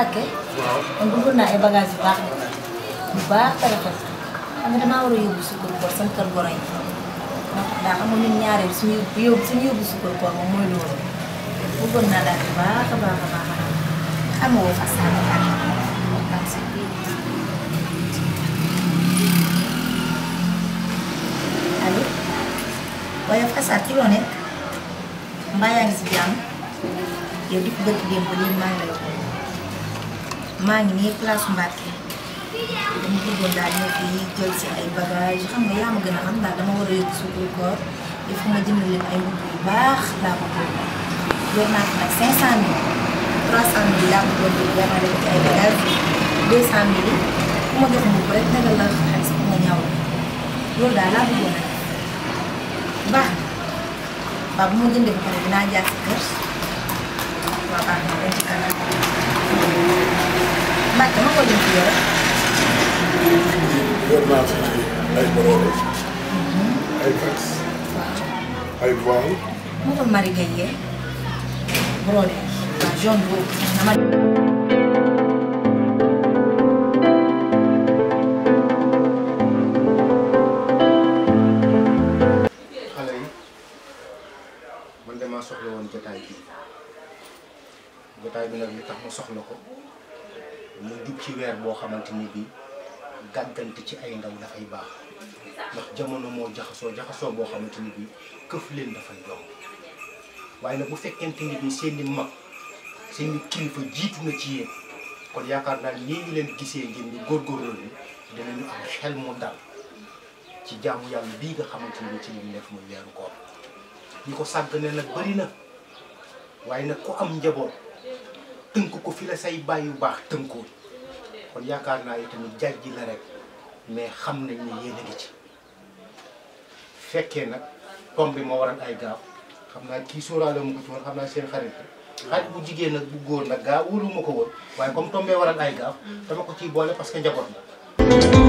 Mbacke on dugg naa ay bagage yu baax yu baax te rafet xam nga damaa war a yóbbu sukkur koor sama kër ñun ñaareel suñu yóbbu suñu yóbbu sukkur koor moom mooy loolu bëggoon naa daal bu baax a baax si di ko bëgg démb lii maa ngi mang ngi nii place Mbacke dama bëggoon daal jël si ay bagage xam nga yaa ma xam daal dama war a yóbbu suukar il faut ma jënd ay mbubb yu baax laa ko bëgg yor naa ko 500 300 mille ko bëgg yamale ay bagage 200 rek la ñaw bu kër Mbacke ma ko jëm ci yow. yor naa fi ay bororo. ay fax. ay voile. mu ko mari gaye bororo waaw jaune boobu man damaa soxla woon jotaay bi jotaay bi nag li tax ma soxla ko mu jub ci weer boo xamante ni bii gàggante ci ay ndaw dafay baax ndax jamono moo jaxasoo jaxasoo boo xamante ni bii këf leen dafay yomb waaye nag bu fekkente ni bii seen mag seen kilifa jiitu na ci yéen kon yaakaar naa nii ñu leen gisee ngeen ñu góorgóorlu ni dinañu am xel mu dal ci jaamu yàlla bii nga xamante ni ci li ñu def muy weeru koor ñi ko sàgg ne nag bëri na waaye nag ku am njaboot. tënk ko fi la say baay yu baax tënkoo kon yaakaar naa itamit jaaj ji la rek mais xam nañ ne yéen a ci fekkee nag pom bi moo waral ay gaaw xam naa kii sóoraale mu ko ci woon xam naa seen xarit xarit bu jigéen nag bu góor nag gaa wóolu ma ko woon waaye comme tombee waral ay gaaf dama ko ciy boole parce que njaboot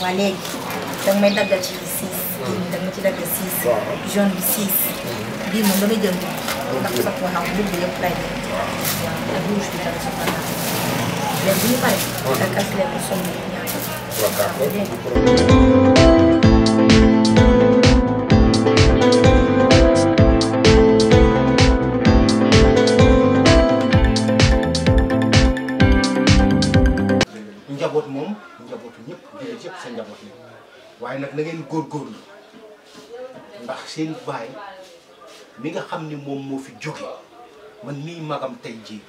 Waleg, também da Gatis, também da Gatis, John Bissis, de nome de é um, da Costa não do Belo Praia, da Luz, da Costa Corral. Levinho, pai, da Casa Levinho, sou tá muito. njaboot moom njabootu ñëpp jullit yëpp sa njaboot la waaye nag na ngeen góorgóorlu ndax seen baay mi nga xam ni moom moo fi jóge man mii magam tey jii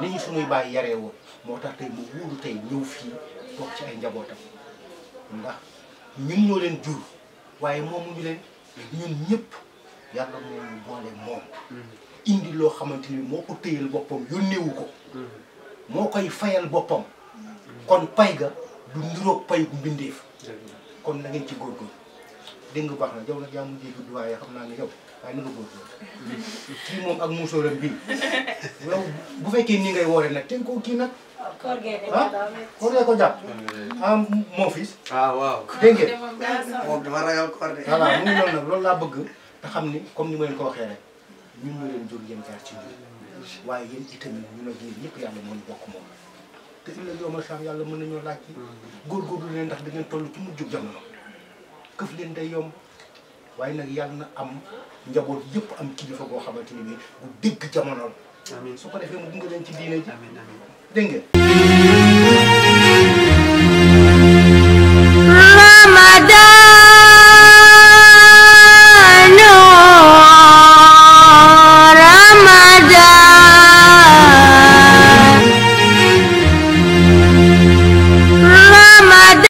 ni ñu suñuy baay yare woon moo tax tey mu wóolu tey ñëw fii toog ci ay njabootam ndax ñun ñoo leen jur waaye moom mu ñu leen ñun ñëpp yàlla moo moom mm-hmm. loo xamante ni moo ko téyal boppam yónneewu ko mm-hmm. moo koy fayal boppam kon pay ga du nduro pay gu bindef kon na ngeen ci góorgóor deng nga baax na jaw nag yaa mu jéggi du waye xamna naa yow waaye na nga góorgóor kii moom ak ram bi yow bu fekke ni ngay woore nak tenko ki nak nag ah ko jap am ah, mo fils ah waaw dengue mo dama ragal koor de voilà mu ngi noonu nag la bëgg ta xamni comme ni ma len ko waxé rek ñu ñu leen jur yeen jaar ci ñu waye yeen itamit ñu ne yéen ñëpp yalla mo ñu bokk moom te ëllëg yow ma saam yàlla mën nañoo laaj ci góorgóorlu leen ndax da ngeen toll ci jóg jamono këf leen day yomb waaye nag yàlla na am njaboot yëpp am kilifa boo xamante ni bi bu dégg jamono la. amiin su ko defee mu gunge leen ci diine ji. amiin